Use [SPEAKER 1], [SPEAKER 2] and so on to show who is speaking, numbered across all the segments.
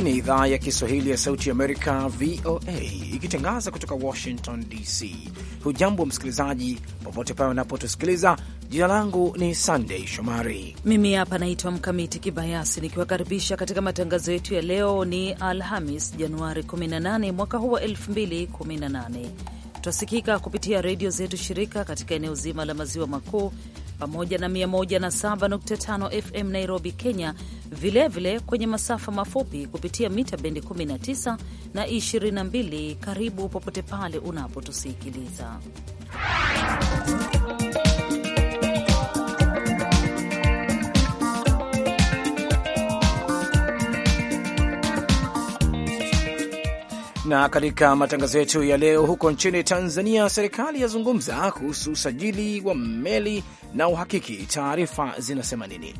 [SPEAKER 1] Hii ni idhaa ya Kiswahili ya Sauti Amerika, VOA, ikitangaza kutoka Washington DC. Hujambo msikilizaji, popote pale unapotusikiliza. Jina langu ni Sandey Shomari,
[SPEAKER 2] mimi hapa naitwa Mkamiti Kibayasi, nikiwakaribisha katika matangazo yetu ya leo. Ni Alhamis, Januari 18 mwaka huu wa 2018. Twasikika kupitia redio zetu shirika katika eneo zima la maziwa makuu pamoja na 107.5 FM Nairobi, Kenya, vilevile vile kwenye masafa mafupi kupitia mita bendi 19 na 22. Karibu popote pale unapotusikiliza
[SPEAKER 1] Na katika matangazo yetu ya leo, huko nchini Tanzania, serikali yazungumza kuhusu usajili wa meli na uhakiki. Taarifa zinasema nini?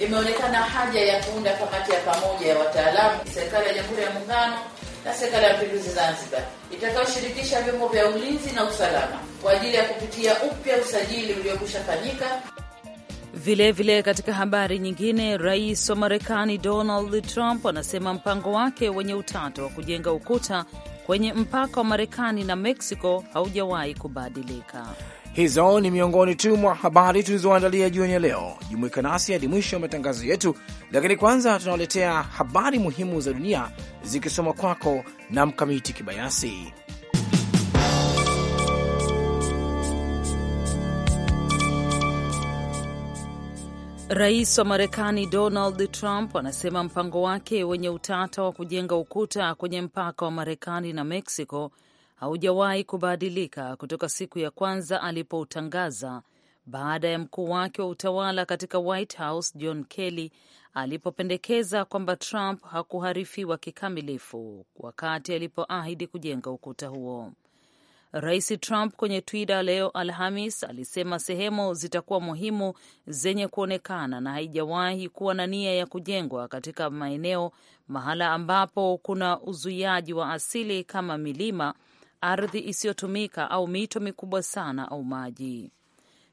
[SPEAKER 3] Imeonekana haja ya kuunda kamati ya pamoja ya wataalamu, serikali ya Jamhuri ya Muungano na serikali ya Mapinduzi Zanzibar itakayoshirikisha vyombo vya ulinzi na usalama kwa ajili ya kupitia upya usajili uliokwisha fanyika.
[SPEAKER 2] Vilevile vile katika habari nyingine, rais wa Marekani Donald Trump anasema mpango wake wenye utata wa kujenga ukuta kwenye mpaka wa Marekani na Meksiko haujawahi kubadilika.
[SPEAKER 1] Hizo ni miongoni tu mwa habari tulizoandalia jioni ya leo. Jumuika nasi hadi mwisho wa matangazo yetu, lakini kwanza tunawaletea habari muhimu za dunia zikisoma kwako na Mkamiti Kibayasi.
[SPEAKER 2] Rais wa Marekani Donald Trump anasema mpango wake wenye utata wa kujenga ukuta kwenye mpaka wa Marekani na Meksiko haujawahi kubadilika kutoka siku ya kwanza alipoutangaza baada ya mkuu wake wa utawala katika White House John Kelly alipopendekeza kwamba Trump hakuharifiwa kikamilifu wakati alipoahidi kujenga ukuta huo. Rais Trump kwenye Twitter leo Alhamis alisema sehemu zitakuwa muhimu zenye kuonekana na haijawahi kuwa na nia ya kujengwa katika maeneo mahala ambapo kuna uzuiaji wa asili kama milima, ardhi isiyotumika au mito mikubwa sana au maji.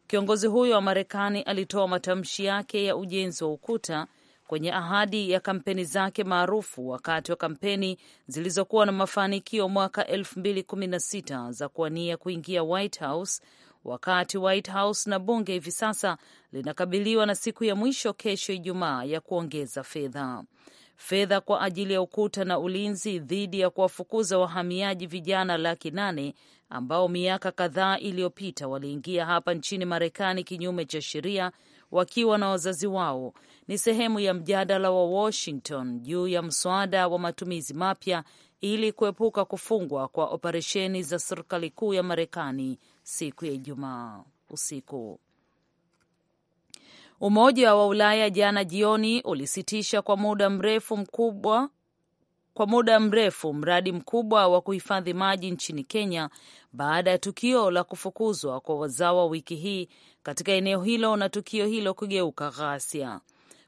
[SPEAKER 2] Kiongozi huyo wa Marekani alitoa matamshi yake ya ujenzi wa ukuta kwenye ahadi ya kampeni zake maarufu wakati wa kampeni zilizokuwa na mafanikio mwaka 2016 za kuania kuingia White House. Wakati White House na bunge hivi sasa linakabiliwa na siku ya mwisho kesho Ijumaa ya kuongeza fedha fedha kwa ajili ya ukuta na ulinzi dhidi ya kuwafukuza wahamiaji vijana laki nane ambao miaka kadhaa iliyopita waliingia hapa nchini Marekani kinyume cha sheria wakiwa na wazazi wao ni sehemu ya mjadala wa Washington juu ya mswada wa matumizi mapya ili kuepuka kufungwa kwa operesheni za serikali kuu ya Marekani siku ya Ijumaa usiku. Umoja wa Ulaya jana jioni ulisitisha kwa muda mrefu mkubwa kwa muda mrefu mradi mkubwa wa kuhifadhi maji nchini Kenya baada ya tukio la kufukuzwa kwa wazawa wiki hii katika eneo hilo na tukio hilo kugeuka ghasia.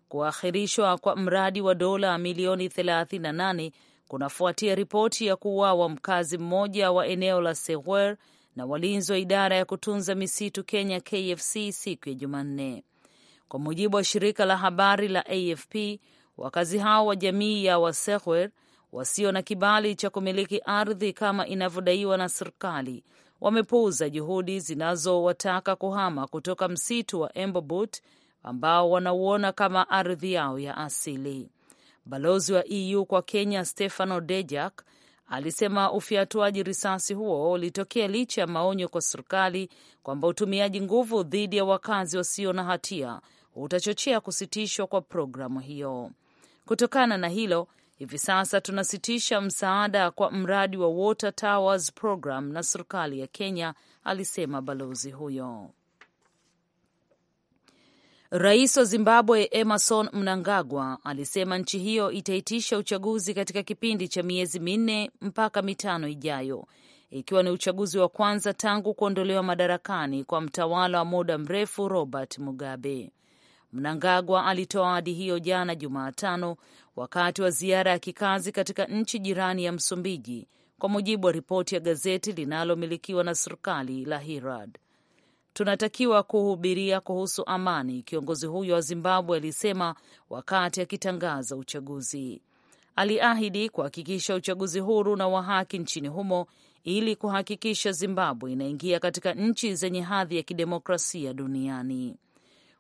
[SPEAKER 2] Kuahirishwa kwa mradi wa dola milioni 38 kunafuatia ripoti ya kuuawa mkazi mmoja wa eneo la sewer na walinzi wa idara ya kutunza misitu Kenya KFC siku ya Jumanne, kwa mujibu wa shirika la habari la AFP. Wakazi hao wa jamii ya wasehwer wasio na kibali cha kumiliki ardhi kama inavyodaiwa na serikali wamepuuza juhudi zinazowataka kuhama kutoka msitu wa Embobut ambao wanauona kama ardhi yao ya asili. Balozi wa EU kwa Kenya Stefano Dejak alisema ufiatuaji risasi huo ulitokea licha ya maonyo kwa serikali kwamba utumiaji nguvu dhidi ya wakazi wasio na hatia utachochea kusitishwa kwa programu hiyo. Kutokana na hilo, hivi sasa tunasitisha msaada kwa mradi wa Water Towers Program na serikali ya Kenya, alisema balozi huyo. Rais wa Zimbabwe Emerson Mnangagwa alisema nchi hiyo itaitisha uchaguzi katika kipindi cha miezi minne mpaka mitano ijayo, ikiwa ni uchaguzi wa kwanza tangu kuondolewa madarakani kwa mtawala wa muda mrefu Robert Mugabe. Mnangagwa alitoa ahadi hiyo jana Jumatano wakati wa ziara ya kikazi katika nchi jirani ya Msumbiji, kwa mujibu wa ripoti ya gazeti linalomilikiwa na serikali la Herald tunatakiwa kuhubiria kuhusu amani, kiongozi huyo wa Zimbabwe alisema wakati akitangaza uchaguzi. Aliahidi kuhakikisha uchaguzi huru na wa haki nchini humo ili kuhakikisha Zimbabwe inaingia katika nchi zenye hadhi ya kidemokrasia duniani.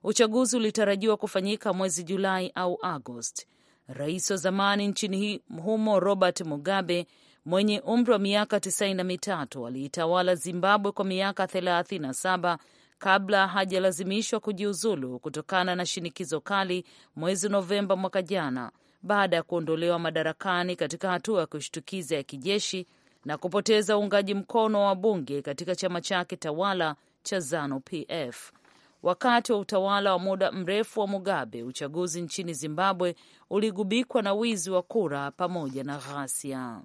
[SPEAKER 2] Uchaguzi ulitarajiwa kufanyika mwezi Julai au Agosti. Rais wa zamani nchini humo Robert Mugabe mwenye umri wa miaka tisini na mitatu aliitawala Zimbabwe kwa miaka thelathini na saba kabla hajalazimishwa kujiuzulu kutokana na shinikizo kali mwezi Novemba mwaka jana baada ya kuondolewa madarakani katika hatua ya kushtukiza ya kijeshi na kupoteza uungaji mkono wa bunge katika chama chake tawala cha ZANU-PF. Wakati wa utawala wa muda mrefu wa Mugabe, uchaguzi nchini Zimbabwe uligubikwa na wizi wa kura pamoja na ghasia.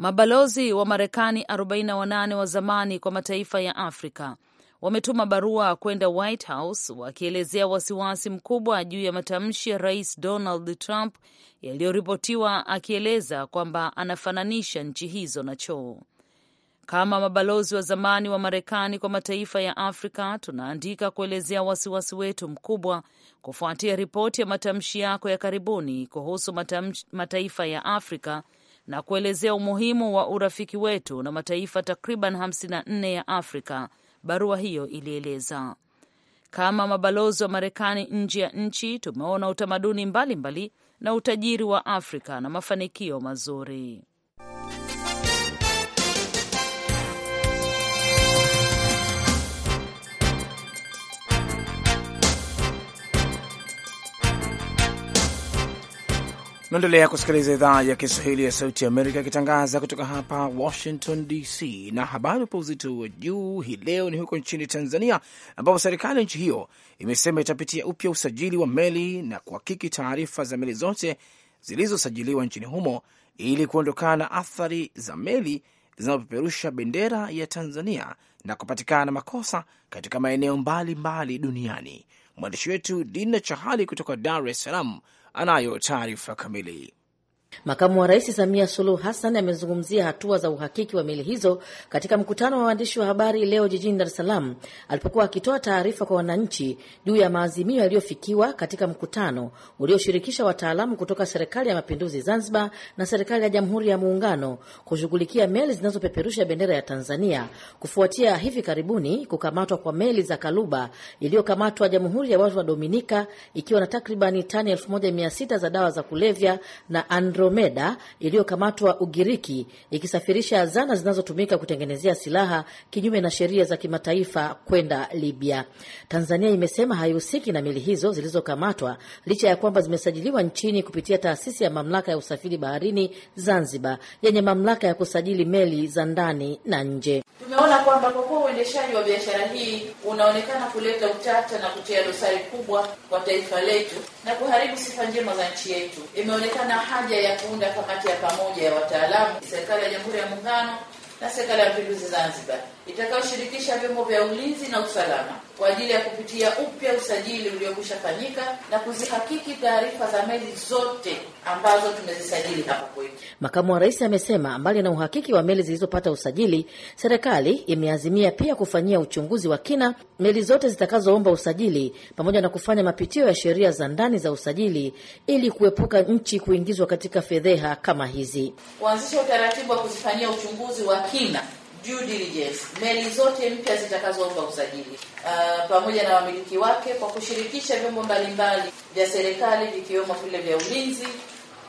[SPEAKER 2] Mabalozi wa Marekani 48 wa zamani kwa mataifa ya Afrika wametuma barua kwenda White House wakielezea wasiwasi mkubwa juu ya matamshi ya Rais Donald Trump yaliyoripotiwa akieleza kwamba anafananisha nchi hizo na choo. Kama mabalozi wa zamani wa Marekani kwa mataifa ya Afrika, tunaandika kuelezea wasiwasi wetu mkubwa kufuatia ripoti ya matamshi yako ya karibuni kuhusu mataifa ya Afrika na kuelezea umuhimu wa urafiki wetu na mataifa takriban 54 ya Afrika, barua hiyo ilieleza. Kama mabalozi wa Marekani nje ya nchi, tumeona utamaduni mbalimbali mbali na utajiri wa Afrika na mafanikio mazuri.
[SPEAKER 1] unaendelea kusikiliza idhaa ya Kiswahili ya Sauti Amerika ikitangaza kutoka hapa Washington DC, na habari pa uzito wa juu hii leo ni huko nchini Tanzania, ambapo serikali ya nchi hiyo imesema itapitia upya usajili wa meli na kuhakiki taarifa za meli zote zilizosajiliwa nchini humo ili kuondokana na athari za meli zinazopeperusha bendera ya Tanzania na kupatikana na makosa katika maeneo mbalimbali duniani. Mwandishi wetu Dina Chahali kutoka Dar es Salaam anayo taarifa kamili.
[SPEAKER 4] Makamu wa Rais Samia Suluhu Hassan amezungumzia hatua za uhakiki wa meli hizo katika mkutano wa waandishi wa habari leo jijini Dar es Salaam alipokuwa akitoa taarifa kwa wananchi juu ya maazimio yaliyofikiwa katika mkutano ulioshirikisha wataalamu kutoka Serikali ya Mapinduzi Zanzibar na Serikali ya Jamhuri ya Muungano kushughulikia meli zinazopeperusha bendera ya Tanzania kufuatia hivi karibuni kukamatwa kwa meli za Kaluba iliyokamatwa Jamhuri ya Watu wa Dominika ikiwa na takribani tani 1600 za dawa za kulevya na Andrew Andromeda iliyokamatwa Ugiriki ikisafirisha zana zinazotumika kutengenezea silaha kinyume na sheria za kimataifa kwenda Libya. Tanzania imesema haihusiki na meli hizo zilizokamatwa licha ya kwamba zimesajiliwa nchini kupitia taasisi ya mamlaka ya usafiri baharini Zanzibar yenye mamlaka ya kusajili meli za ndani na nje. Tumeona kwamba kwa
[SPEAKER 3] kuwa uendeshaji wa biashara hii unaonekana kuleta utata na kutia dosari kubwa kwa taifa letu na kuharibu sifa njema za nchi yetu, imeonekana haja ya ya kuunda kamati ya pamoja ya wataalamu serikali ya Jamhuri ya Muungano na serikali ya Mapinduzi Zanzibar itakayoshirikisha vyombo vya ulinzi na usalama kwa ajili ya kupitia upya usajili uliokwisha fanyika na kuzihakiki taarifa za meli zote ambazo tumezisajili hapo kwetu.
[SPEAKER 4] Makamu wa Rais amesema mbali na uhakiki wa meli zilizopata usajili, serikali imeazimia pia kufanyia uchunguzi wa kina meli zote zitakazoomba usajili pamoja na kufanya mapitio ya sheria za ndani za usajili ili kuepuka nchi kuingizwa katika fedheha kama hizi.
[SPEAKER 3] Kuanzisha utaratibu wa kuzifanyia uchunguzi wa kina due diligence meli zote mpya zitakazoomba usajili uh, pamoja na wamiliki wake kwa kushirikisha vyombo mbalimbali vya serikali vikiwemo vile vya ulinzi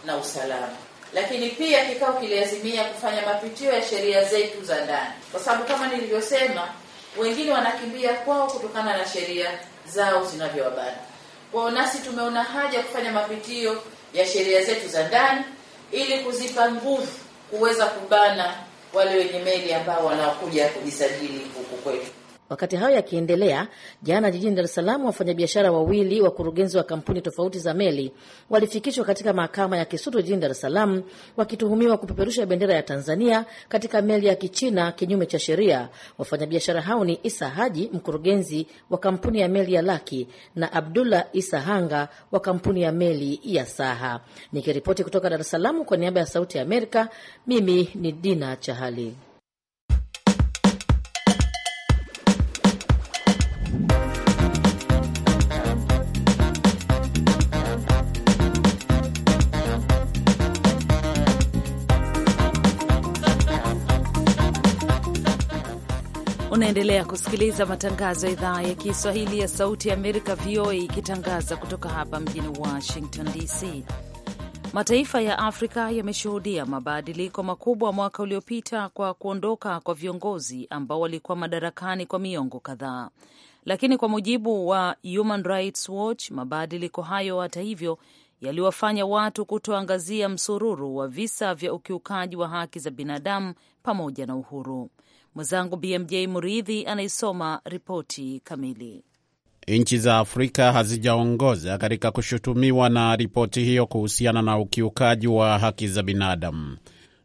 [SPEAKER 3] na usalama. Lakini pia kikao kiliazimia kufanya mapitio ya sheria zetu za ndani, kwa sababu kama nilivyosema, wengine wanakimbia kwao kutokana na sheria zao zinavyowabana kwao, nasi tumeona haja ya kufanya mapitio ya sheria zetu za ndani ili kuzipa nguvu kuweza kubana wale wenye meli ambao wanaokuja kujisajili
[SPEAKER 4] huku kwetu. Wakati hayo yakiendelea, jana jijini Dar es Salaam, wafanyabiashara wawili wakurugenzi wa kampuni tofauti za meli walifikishwa katika mahakama ya Kisutu jijini Dar es Salaam wakituhumiwa kupeperusha bendera ya Tanzania katika meli ya Kichina kinyume cha sheria. Wafanyabiashara hao ni Isa Haji, mkurugenzi wa kampuni ya meli ya Laki na Abdullah Isa Hanga wa kampuni ya meli ya Saha. Nikiripoti kutoka Dar es Salaam kwa niaba ya Sauti ya Amerika, mimi ni Dina Chahali.
[SPEAKER 2] Unaendelea kusikiliza matangazo ya idhaa ya Kiswahili ya Sauti ya Amerika, VOA, ikitangaza kutoka hapa mjini Washington DC. Mataifa ya Afrika yameshuhudia mabadiliko makubwa mwaka uliopita kwa kuondoka kwa viongozi ambao walikuwa madarakani kwa miongo kadhaa, lakini kwa mujibu wa Human Rights Watch, mabadiliko hayo hata hivyo yaliwafanya watu kutoangazia msururu wa visa vya ukiukaji wa haki za binadamu pamoja na uhuru. Mwenzangu BMJ Muridhi anaisoma ripoti kamili.
[SPEAKER 5] Nchi za Afrika hazijaongoza katika kushutumiwa na ripoti hiyo kuhusiana na ukiukaji wa haki za binadamu.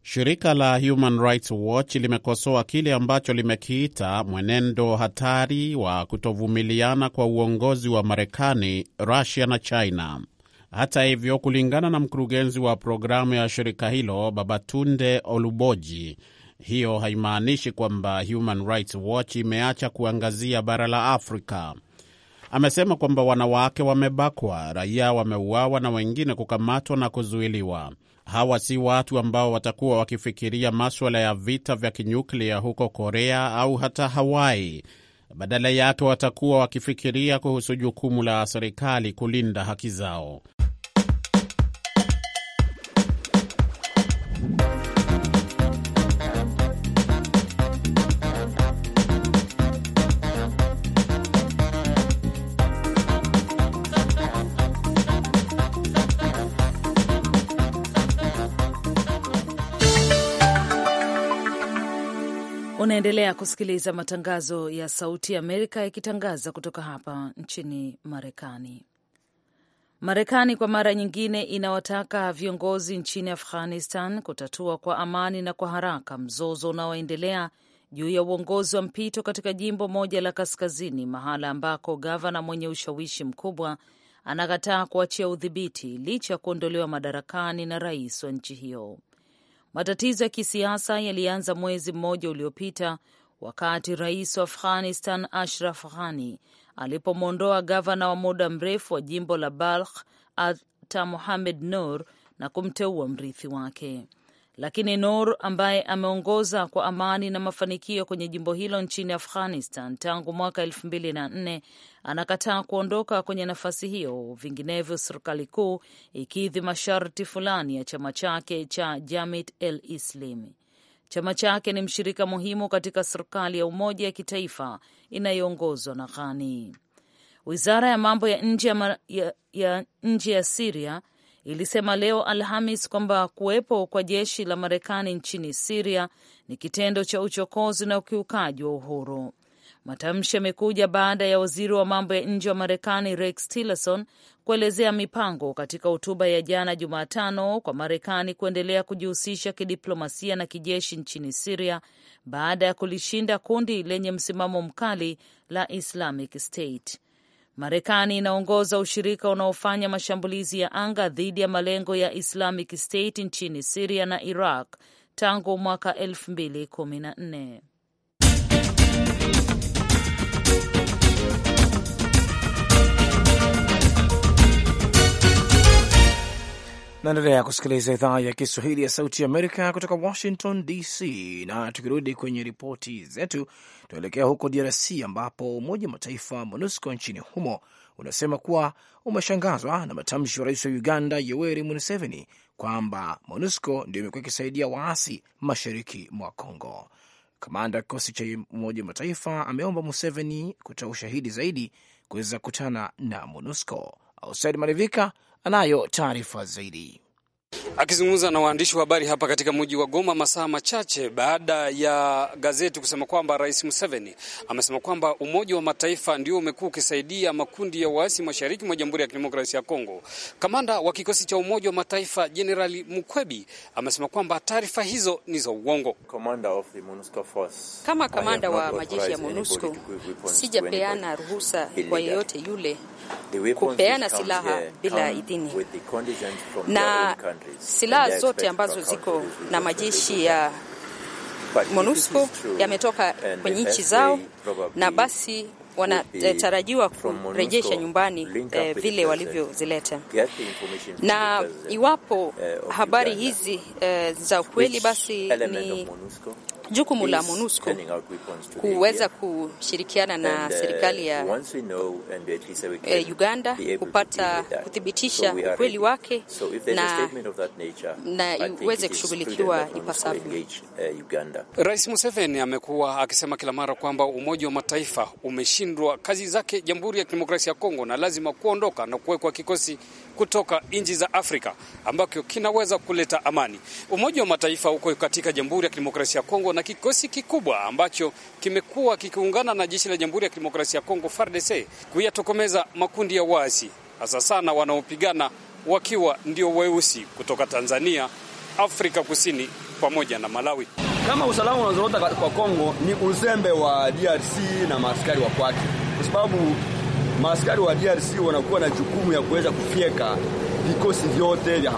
[SPEAKER 5] Shirika la Human Rights Watch limekosoa kile ambacho limekiita mwenendo hatari wa kutovumiliana kwa uongozi wa Marekani, Rusia na China. Hata hivyo, kulingana na mkurugenzi wa programu ya shirika hilo Babatunde Oluboji, hiyo haimaanishi kwamba Human Rights Watch imeacha kuangazia bara la Afrika. Amesema kwamba wanawake wamebakwa, raia wameuawa na wengine kukamatwa na kuzuiliwa. Hawa si watu ambao watakuwa wakifikiria maswala ya vita vya kinyuklia huko Korea au hata Hawaii. Badala yake watakuwa wakifikiria kuhusu jukumu la serikali kulinda haki zao.
[SPEAKER 2] Unaendelea kusikiliza matangazo ya Sauti ya Amerika yakitangaza kutoka hapa nchini Marekani. Marekani kwa mara nyingine inawataka viongozi nchini Afghanistan kutatua kwa amani na kwa haraka mzozo unaoendelea juu ya uongozi wa mpito katika jimbo moja la kaskazini, mahala ambako gavana mwenye ushawishi mkubwa anakataa kuachia udhibiti licha ya kuondolewa madarakani na rais wa nchi hiyo. Matatizo ya kisiasa yalianza mwezi mmoja uliopita wakati rais wa Afghanistan Ashraf Ghani alipomwondoa gavana wa muda mrefu wa jimbo la Balkh Ata muhamed Nur na kumteua mrithi wake lakini Nur ambaye ameongoza kwa amani na mafanikio kwenye jimbo hilo nchini Afghanistan tangu mwaka elfu mbili na nne anakataa kuondoka kwenye nafasi hiyo, vinginevyo serikali kuu ikidhi masharti fulani ya chama chake cha Jamit el islimi Chama chake ni mshirika muhimu katika serikali ya umoja ya kitaifa inayoongozwa na Ghani. Wizara ya mambo ya nje ya, ya, ya, ya Siria ilisema leo Alhamis kwamba kuwepo kwa jeshi la Marekani nchini Siria ni kitendo cha uchokozi na ukiukaji wa uhuru. Matamshi yamekuja baada ya waziri wa mambo ya nje wa Marekani Rex Tillerson kuelezea mipango katika hotuba ya jana Jumatano kwa Marekani kuendelea kujihusisha kidiplomasia na kijeshi nchini Siria baada ya kulishinda kundi lenye msimamo mkali la Islamic State. Marekani inaongoza ushirika unaofanya mashambulizi ya anga dhidi ya malengo ya Islamic State nchini Siria na Iraq tangu mwaka 2014.
[SPEAKER 1] Naendelea kusikiliza idhaa ya Kiswahili ya Sauti ya Amerika kutoka Washington DC. Na tukirudi kwenye ripoti zetu, tunaelekea huko DRC ambapo Umoja wa Mataifa MONUSCO nchini humo unasema kuwa umeshangazwa na matamshi ya rais wa Uganda Yoweri Museveni kwamba MONUSCO ndio imekuwa ikisaidia waasi mashariki mwa Congo. Kamanda kikosi cha Umoja wa Mataifa ameomba Museveni kutoa ushahidi zaidi kuweza kukutana na MONUSCO. Ausaid Marivika anayo taarifa zaidi.
[SPEAKER 6] Akizungumza na waandishi wa habari hapa katika mji wa Goma masaa machache baada ya gazeti kusema kwamba Rais Museveni amesema kwamba Umoja wa Mataifa ndio umekuwa ukisaidia makundi ya waasi mashariki mwa Jamhuri ya Kidemokrasia ya Kongo. Kamanda wa kikosi cha Umoja wa Mataifa Jenerali Mukwebi amesema kwamba taarifa hizo ni za uongo.
[SPEAKER 2] Kama kamanda wa majeshi ya MONUSCO
[SPEAKER 3] sijapeana
[SPEAKER 2] ruhusa kwa yeyote yule
[SPEAKER 3] kupeana silaha
[SPEAKER 2] bila
[SPEAKER 1] idhini na silaha zote ambazo ziko
[SPEAKER 2] na majeshi ya
[SPEAKER 1] MONUSCO yametoka kwenye nchi zao
[SPEAKER 2] na basi wanatarajiwa eh, kurejesha nyumbani eh, vile walivyozileta, na iwapo eh, habari hizi eh, za ukweli, basi ni jukumu la MONUSCO kuweza kushirikiana na uh, serikali ya
[SPEAKER 3] uh, Uganda kupata kuthibitisha so ukweli wake
[SPEAKER 2] so na,
[SPEAKER 3] na iweze kushughulikiwa
[SPEAKER 2] ipasavyo.
[SPEAKER 1] Eh,
[SPEAKER 6] Rais Museveni amekuwa akisema kila mara kwamba Umoja wa Mataifa umeshindwa kazi zake Jamhuri ya Kidemokrasia ya Kongo na lazima kuondoka na kuwekwa kikosi kutoka nchi za Afrika ambacho kinaweza kuleta amani. Umoja wa Mataifa huko katika Jamhuri ya Kidemokrasia ya Kongo na kikosi kikubwa ambacho kimekuwa kikiungana na jeshi la Jamhuri ya Kidemokrasia ya Kongo FARDC kuyatokomeza makundi ya waasi, hasa sana wanaopigana wakiwa ndio weusi kutoka Tanzania, Afrika Kusini pamoja na Malawi. Kama usalama unazorota kwa Kongo ni uzembe wa DRC na maaskari wa kwake, kwa sababu maaskari wa DRC wanakuwa na jukumu ya kuweza kufyeka vikosi vyote vya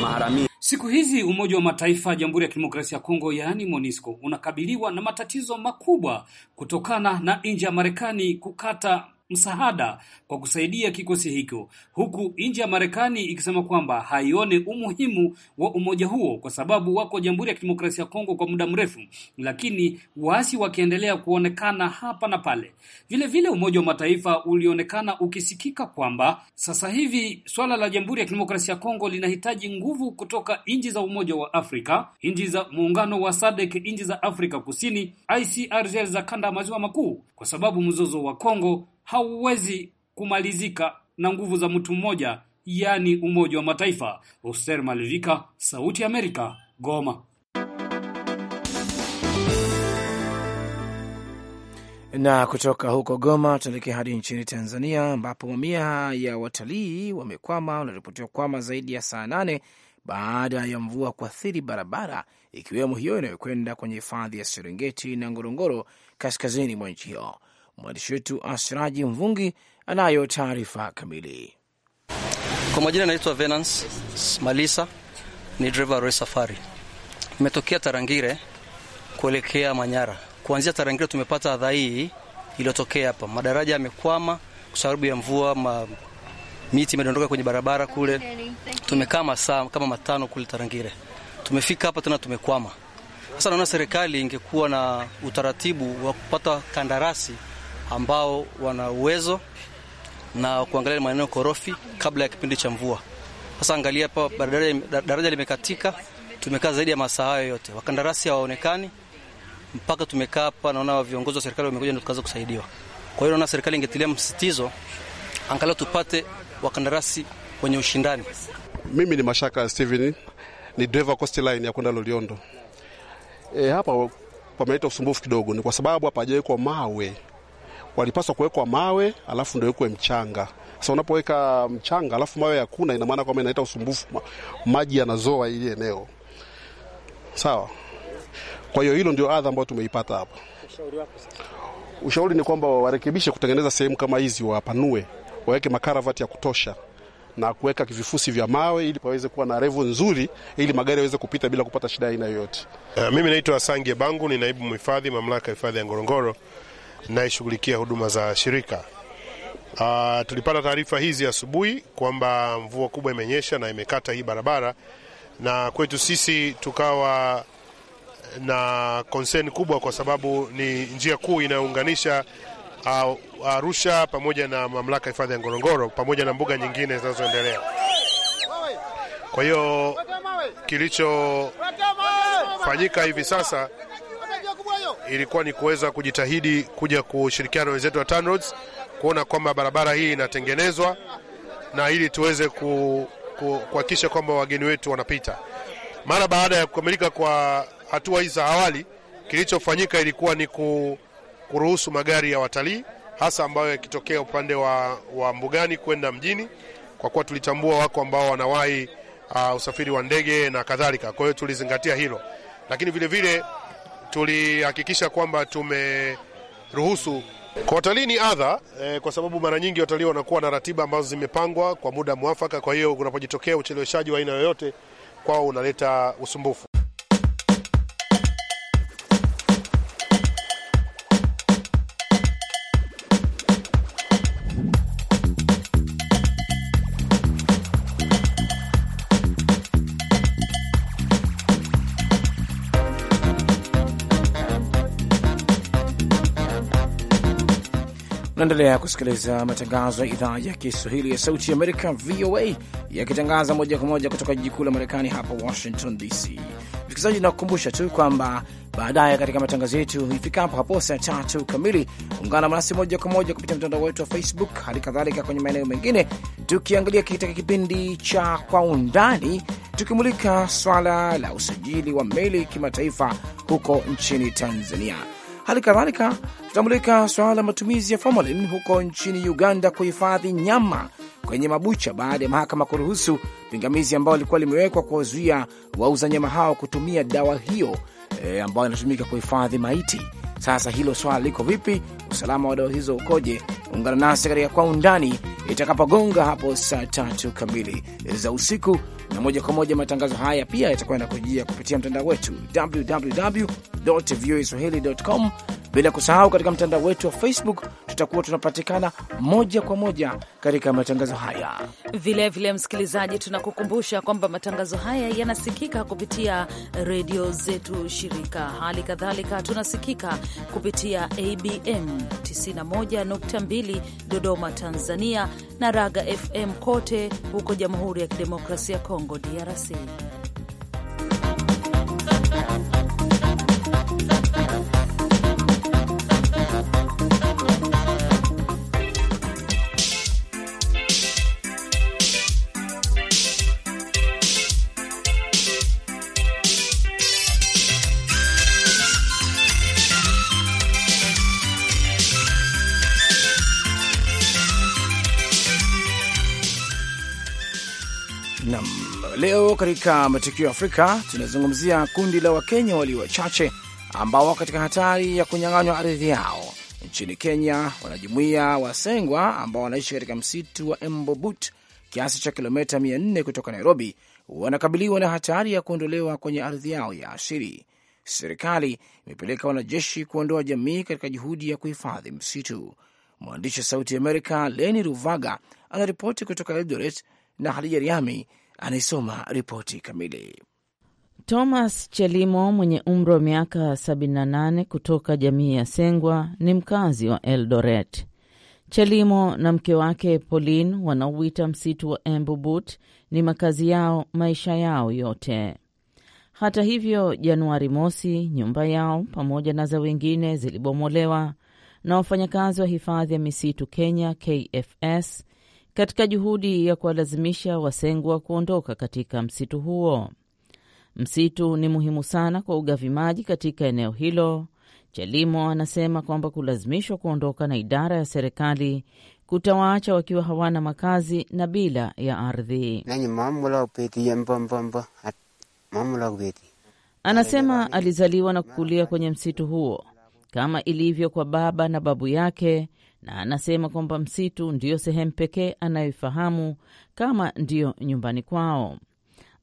[SPEAKER 6] maharamia. Siku hizi Umoja wa Mataifa ya Jamhuri ya Kidemokrasia ya Kongo, yaani MONUSCO, unakabiliwa na matatizo makubwa kutokana na nje ya Marekani kukata msaada kwa kusaidia kikosi hicho, huku nje ya Marekani ikisema kwamba haione umuhimu wa umoja huo kwa sababu wako Jamhuri ya Kidemokrasia ya Kongo kwa muda mrefu, lakini waasi wakiendelea kuonekana hapa na pale. Vile vile Umoja wa Mataifa ulionekana ukisikika kwamba sasa hivi swala la Jamhuri ya Kidemokrasia ya Kongo linahitaji nguvu kutoka nchi za Umoja wa Afrika, nchi za muungano wa SADC, nchi za Afrika Kusini, ICRG za kanda ya maziwa makuu, kwa sababu mzozo wa Kongo hauwezi kumalizika na nguvu za mtu mmoja, yaani Umoja wa Mataifa. Hoser Malivika, Sauti ya Amerika, Goma.
[SPEAKER 1] Na kutoka huko Goma tuelekea hadi nchini Tanzania, ambapo mamia ya watalii wamekwama, wanaripotiwa kwama zaidi ya saa nane baada ya mvua kuathiri barabara ikiwemo hiyo inayokwenda kwenye hifadhi ya Serengeti na Ngorongoro kaskazini mwa nchi hiyo. Mwandishi wetu Asiraji Mvungi anayo taarifa kamili.
[SPEAKER 7] Kwa majina anaitwa Venance Malisa, ni driver Roy Safari. Imetokea Tarangire kuelekea Manyara. Kuanzia Tarangire tumepata adha hii iliyotokea hapa, madaraja yamekwama kwa sababu ya mvua ma, miti imedondoka kwenye barabara kule. Tumekaa masaa kama matano kule Tarangire, tumefika hapa tena tumekwama. Sasa naona serikali ingekuwa na utaratibu wa kupata kandarasi ambao wana uwezo na kuangalia maeneo korofi kabla ya kipindi cha mvua. Sasa angalia hapa, daraja limekatika, tumekaa zaidi ya masaa hayo yote, wakandarasi hawaonekani mpaka tumekaa hapa. Naona viongozi wa serikali wamekuja ndio tukaanza kusaidiwa. Kwa hiyo naona serikali ingetilia msisitizo angalau tupate wakandarasi wenye ushindani. Mimi ni Mashaka Steven, ni driver Coast
[SPEAKER 5] Line ya kwenda Loliondo. E, hapa pameleta usumbufu kidogo, ni kwa sababu hapa hajawekwa mawe walipaswa kuwekwa mawe alafu ndio wekwe mchanga. Sasa unapoweka mchanga alafu mawe hakuna, ina maana kwamba inaleta usumbufu, maji yanazoa ili eneo sawa. Kwa hiyo hilo ndio adha ambayo tumeipata hapa. Ushauri ni kwamba warekebishe kutengeneza sehemu kama hizi, wapanue, waweke makaravati ya kutosha
[SPEAKER 7] na kuweka vifusi vya mawe ili paweze kuwa na revu nzuri ili magari yaweze kupita bila kupata shida aina yoyote. Uh, mimi naitwa Sangie Bangu, ni naibu mhifadhi mamlaka ya hifadhi ya Ngorongoro nayeshughulikia huduma za shirika. Uh, tulipata taarifa hizi asubuhi kwamba mvua kubwa imenyesha na imekata hii barabara, na kwetu sisi tukawa na concern kubwa, kwa sababu ni njia kuu inayounganisha uh, Arusha pamoja na mamlaka hifadhi ya Ngorongoro pamoja na mbuga nyingine zinazoendelea. Kwa hiyo kilichofanyika hivi sasa ilikuwa ni kuweza kujitahidi kuja kushirikiana na wenzetu wa TANROADS kuona kwamba barabara hii inatengenezwa na ili tuweze kuhakikisha kwamba wageni wetu wanapita. Mara baada ya kukamilika kwa hatua hii za awali, kilichofanyika ilikuwa ni kuruhusu magari ya watalii hasa ambayo yakitokea upande wa, wa mbugani kwenda mjini, kwa kuwa tulitambua wako ambao wanawahi uh, usafiri wa ndege na kadhalika. Kwa hiyo tulizingatia hilo, lakini vilevile tulihakikisha kwamba tumeruhusu kwa watalii ni adha eh, kwa sababu mara nyingi watalii wanakuwa na ratiba ambazo zimepangwa kwa muda mwafaka. Kwa hiyo kunapojitokea ucheleweshaji wa aina yoyote, kwao unaleta usumbufu.
[SPEAKER 1] Unaendelea kusikiliza matangazo ya idhaa ya Kiswahili ya Sauti Amerika, VOA, yakitangaza moja kwa moja kutoka jiji kuu la Marekani, hapa Washington DC. Msikilizaji, nakukumbusha tu kwamba baadaye katika matangazo yetu ifikapo hapo saa tatu kamili, ungana nasi moja kwa moja kupitia mtandao wetu wa Facebook, hali kadhalika kwenye maeneo mengine, tukiangalia katika kipindi cha Kwa Undani, tukimulika swala la usajili wa meli kimataifa huko nchini Tanzania. Hali kadhalika tutamulika suala la matumizi ya formalin huko nchini Uganda kuhifadhi nyama kwenye mabucha baada ya mahakama kuruhusu pingamizi ambayo ilikuwa limewekwa kuwazuia wauza nyama hao kutumia dawa hiyo e, ambayo inatumika kuhifadhi maiti. Sasa hilo swala liko vipi? Usalama wa dawa hizo ukoje? Ungana nasi katika Kwa Undani itakapogonga hapo saa tatu kamili za usiku na moja kwa moja. Matangazo haya pia yatakuwa yanakujia kupitia mtandao wetu www voa bila kusahau katika mtandao wetu wa Facebook tutakuwa tunapatikana moja kwa moja katika matangazo haya
[SPEAKER 2] vilevile. Vile msikilizaji, tunakukumbusha kwamba matangazo haya yanasikika kupitia redio zetu shirika. Hali kadhalika tunasikika kupitia ABM 91.2 Dodoma, Tanzania, na Raga FM kote huko Jamhuri ya Kidemokrasia Congo DRC.
[SPEAKER 1] katika matukio ya Afrika tunazungumzia kundi la Wakenya walio wachache ambao wako katika hatari ya kunyang'anywa ardhi yao nchini Kenya. Wanajumuia Wasengwa ambao wanaishi katika msitu wa Embobut kiasi cha kilomita 400 kutoka Nairobi wanakabiliwa na hatari ya kuondolewa kwenye ardhi yao ya asili. Serikali imepeleka wanajeshi kuondoa jamii katika juhudi ya kuhifadhi msitu. Mwandishi wa Sauti Amerika Leni Ruvaga anaripoti kutoka Eldoret na Hadija Riami anaisoma ripoti kamili.
[SPEAKER 8] Thomas Chelimo mwenye umri wa miaka 78 kutoka jamii ya Sengwa ni mkazi wa Eldoret. Chelimo na mke wake paulin wanaowita msitu wa Embubut ni makazi yao maisha yao yote. Hata hivyo, Januari mosi, nyumba yao pamoja na za wengine zilibomolewa na wafanyakazi wa hifadhi ya misitu Kenya KFS katika juhudi ya kuwalazimisha Wasengwa kuondoka katika msitu huo. Msitu ni muhimu sana kwa ugavi maji katika eneo hilo. Chalimo anasema kwamba kulazimishwa kuondoka na idara ya serikali kutawaacha wakiwa hawana makazi na bila ya ardhi. Anasema alizaliwa na kukulia kwenye msitu huo kama ilivyo kwa baba na babu yake, na anasema kwamba msitu ndiyo sehemu pekee anayoifahamu kama ndiyo nyumbani kwao.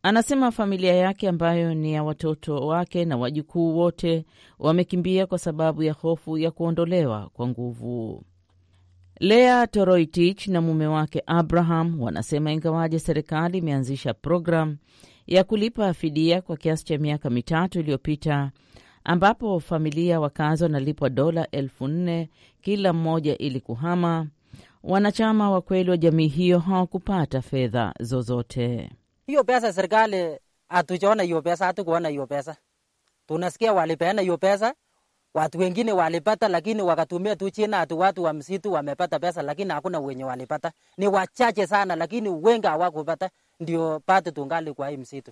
[SPEAKER 8] Anasema familia yake ambayo ni ya watoto wake na wajukuu wote wamekimbia kwa sababu ya hofu ya kuondolewa kwa nguvu. Lea Toroitich na mume wake Abraham wanasema ingawaje serikali imeanzisha programu ya kulipa fidia kwa kiasi cha miaka mitatu iliyopita, ambapo familia wakazi wanalipwa dola elfu nne kila mmoja ili kuhama. Wanachama wa kweli wa jamii hiyo hawakupata fedha zozote. hiyo pesa serikali hatujaona hiyo pesa, hatukuona hiyo pesa. Tunasikia walipeana hiyo pesa, watu wengine walipata, lakini wakatumia tu China. Hatu watu wa msitu wamepata pesa, lakini hakuna wenye walipata, ni wachache sana, lakini wengi hawakupata. Ndio pate tungali kwa hii msitu.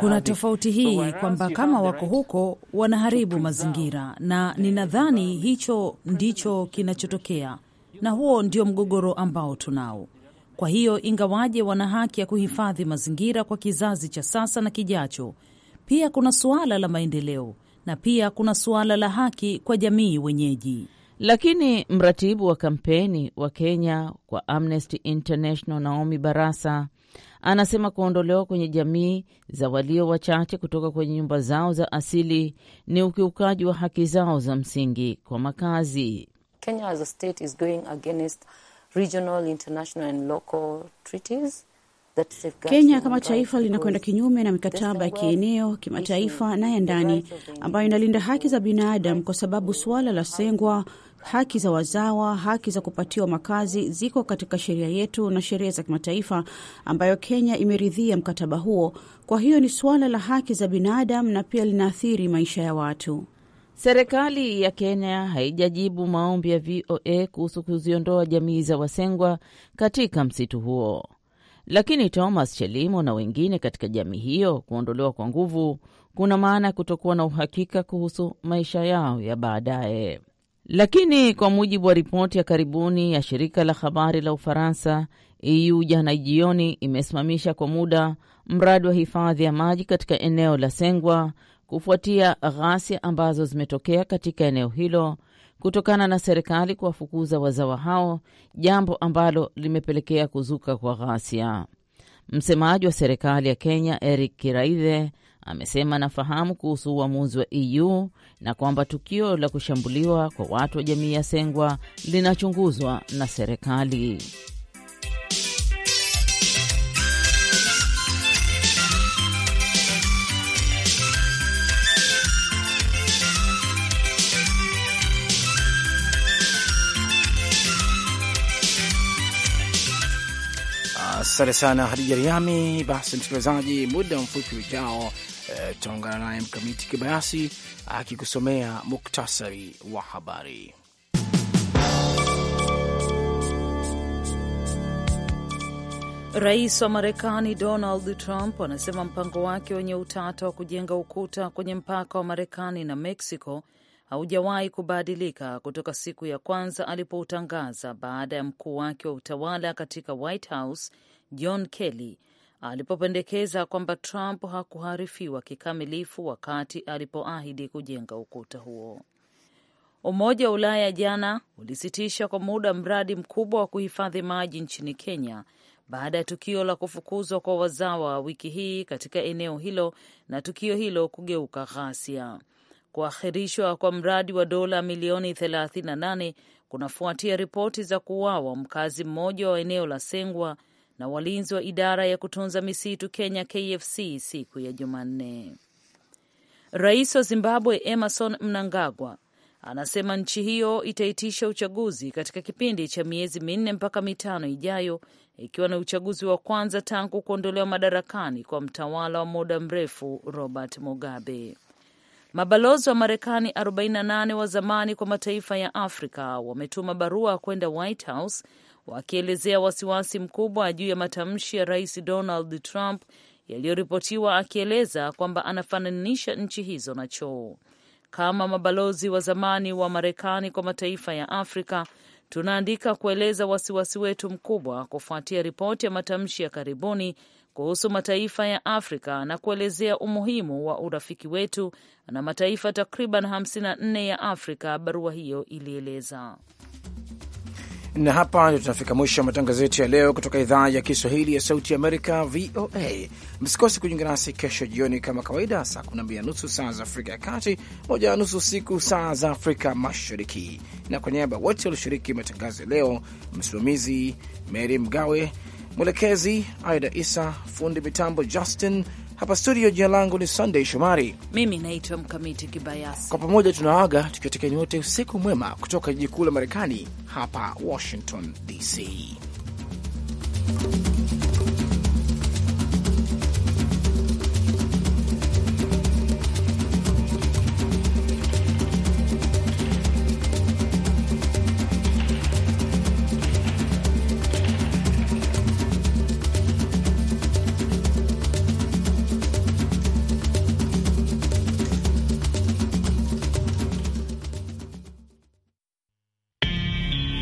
[SPEAKER 5] Kuna tofauti hii kwamba kama wako
[SPEAKER 2] huko wanaharibu mazingira, na ninadhani hicho ndicho kinachotokea, na huo ndio mgogoro ambao tunao. Kwa hiyo ingawaje wana haki ya kuhifadhi mazingira kwa kizazi cha sasa na kijacho, pia kuna suala la maendeleo na pia kuna suala la haki kwa jamii wenyeji. Lakini mratibu
[SPEAKER 8] wa kampeni wa Kenya kwa Amnesty International Naomi Barasa anasema kuondolewa kwenye jamii za walio wachache kutoka kwenye nyumba zao za asili ni ukiukaji wa haki zao za msingi kwa makazi.
[SPEAKER 2] Kenya as a state is going against regional, international and local treaties. Kenya kama taifa
[SPEAKER 8] linakwenda kinyume na mikataba ya kieneo, kimataifa na ya ndani ambayo inalinda haki za binadamu, kwa sababu suala la sengwa haki za wazawa, haki za kupatiwa makazi ziko katika sheria yetu na sheria za kimataifa ambayo Kenya imeridhia mkataba huo. Kwa hiyo ni suala la haki za binadamu na pia linaathiri maisha ya watu. Serikali ya Kenya haijajibu maombi ya VOA kuhusu kuziondoa jamii za Wasengwa katika msitu huo, lakini Thomas Chelimo na wengine katika jamii hiyo, kuondolewa kwa nguvu kuna maana ya kutokuwa na uhakika kuhusu maisha yao ya baadaye. Lakini kwa mujibu wa ripoti ya karibuni ya shirika la habari la Ufaransa, EU jana jioni imesimamisha kwa muda mradi wa hifadhi ya maji katika eneo la Sengwa kufuatia ghasia ambazo zimetokea katika eneo hilo kutokana na serikali kuwafukuza wazawa hao, jambo ambalo limepelekea kuzuka kwa ghasia. Msemaji wa serikali ya Kenya Eric Kiraithe amesema anafahamu kuhusu uamuzi wa EU na kwamba tukio la kushambuliwa kwa watu wa jamii ya Sengwa linachunguzwa na serikali.
[SPEAKER 1] Asante sana Hadija Riami. Basi msikilizaji, muda mfupi ujao Eh, tutaungana naye Mkamiti Kibayasi akikusomea muktasari wa habari.
[SPEAKER 2] Rais wa Marekani Donald Trump anasema mpango wake wenye utata wa kujenga ukuta kwenye mpaka wa Marekani na Mexico haujawahi kubadilika kutoka siku ya kwanza alipoutangaza baada ya mkuu wake wa utawala katika White House John Kelly alipopendekeza kwamba Trump hakuharifiwa kikamilifu wakati alipoahidi kujenga ukuta huo. Umoja wa Ulaya jana ulisitisha kwa muda mradi mkubwa wa kuhifadhi maji nchini Kenya baada ya tukio la kufukuzwa kwa wazawa wiki hii katika eneo hilo na tukio hilo kugeuka ghasia. Kuahirishwa kwa mradi wa dola milioni 38 kunafuatia ripoti za kuuawa mkazi mmoja wa eneo la Sengwa na walinzi wa idara ya kutunza misitu Kenya KFC siku ya Jumanne. Rais wa Zimbabwe Emerson Mnangagwa anasema nchi hiyo itaitisha uchaguzi katika kipindi cha miezi minne mpaka mitano ijayo, ikiwa na uchaguzi wa kwanza tangu kuondolewa madarakani kwa mtawala wa muda mrefu Robert Mugabe. Mabalozi wa Marekani 48 wa zamani kwa mataifa ya Afrika wametuma barua kwenda White House wakielezea wasiwasi mkubwa juu ya matamshi ya Rais Donald Trump yaliyoripotiwa akieleza kwamba anafananisha nchi hizo na choo. Kama mabalozi wa zamani wa Marekani kwa mataifa ya Afrika, tunaandika kueleza wasiwasi wetu mkubwa kufuatia ripoti ya matamshi ya karibuni kuhusu mataifa ya Afrika na kuelezea umuhimu wa urafiki wetu na mataifa takriban 54 ya Afrika, barua hiyo ilieleza.
[SPEAKER 1] Na hapa ndio tunafika mwisho wa matangazo yetu ya leo kutoka idhaa ya Kiswahili ya Sauti Amerika, VOA. Msikose kujiunga nasi kesho jioni kama kawaida, saa 12 na nusu saa za Afrika ya Kati, moja na nusu usiku saa za Afrika Mashariki. Na kwa niaba wote walioshiriki matangazo ya leo, msimamizi Mary Mgawe, mwelekezi Aida Isa, fundi mitambo Justin hapa studio, jina langu ni Sunday Shomari,
[SPEAKER 2] mimi naitwa Mkamiti Kibayasi.
[SPEAKER 1] Kwa pamoja tunaaga tukiwatakieni wote usiku mwema kutoka jiji kuu la Marekani, hapa Washington DC.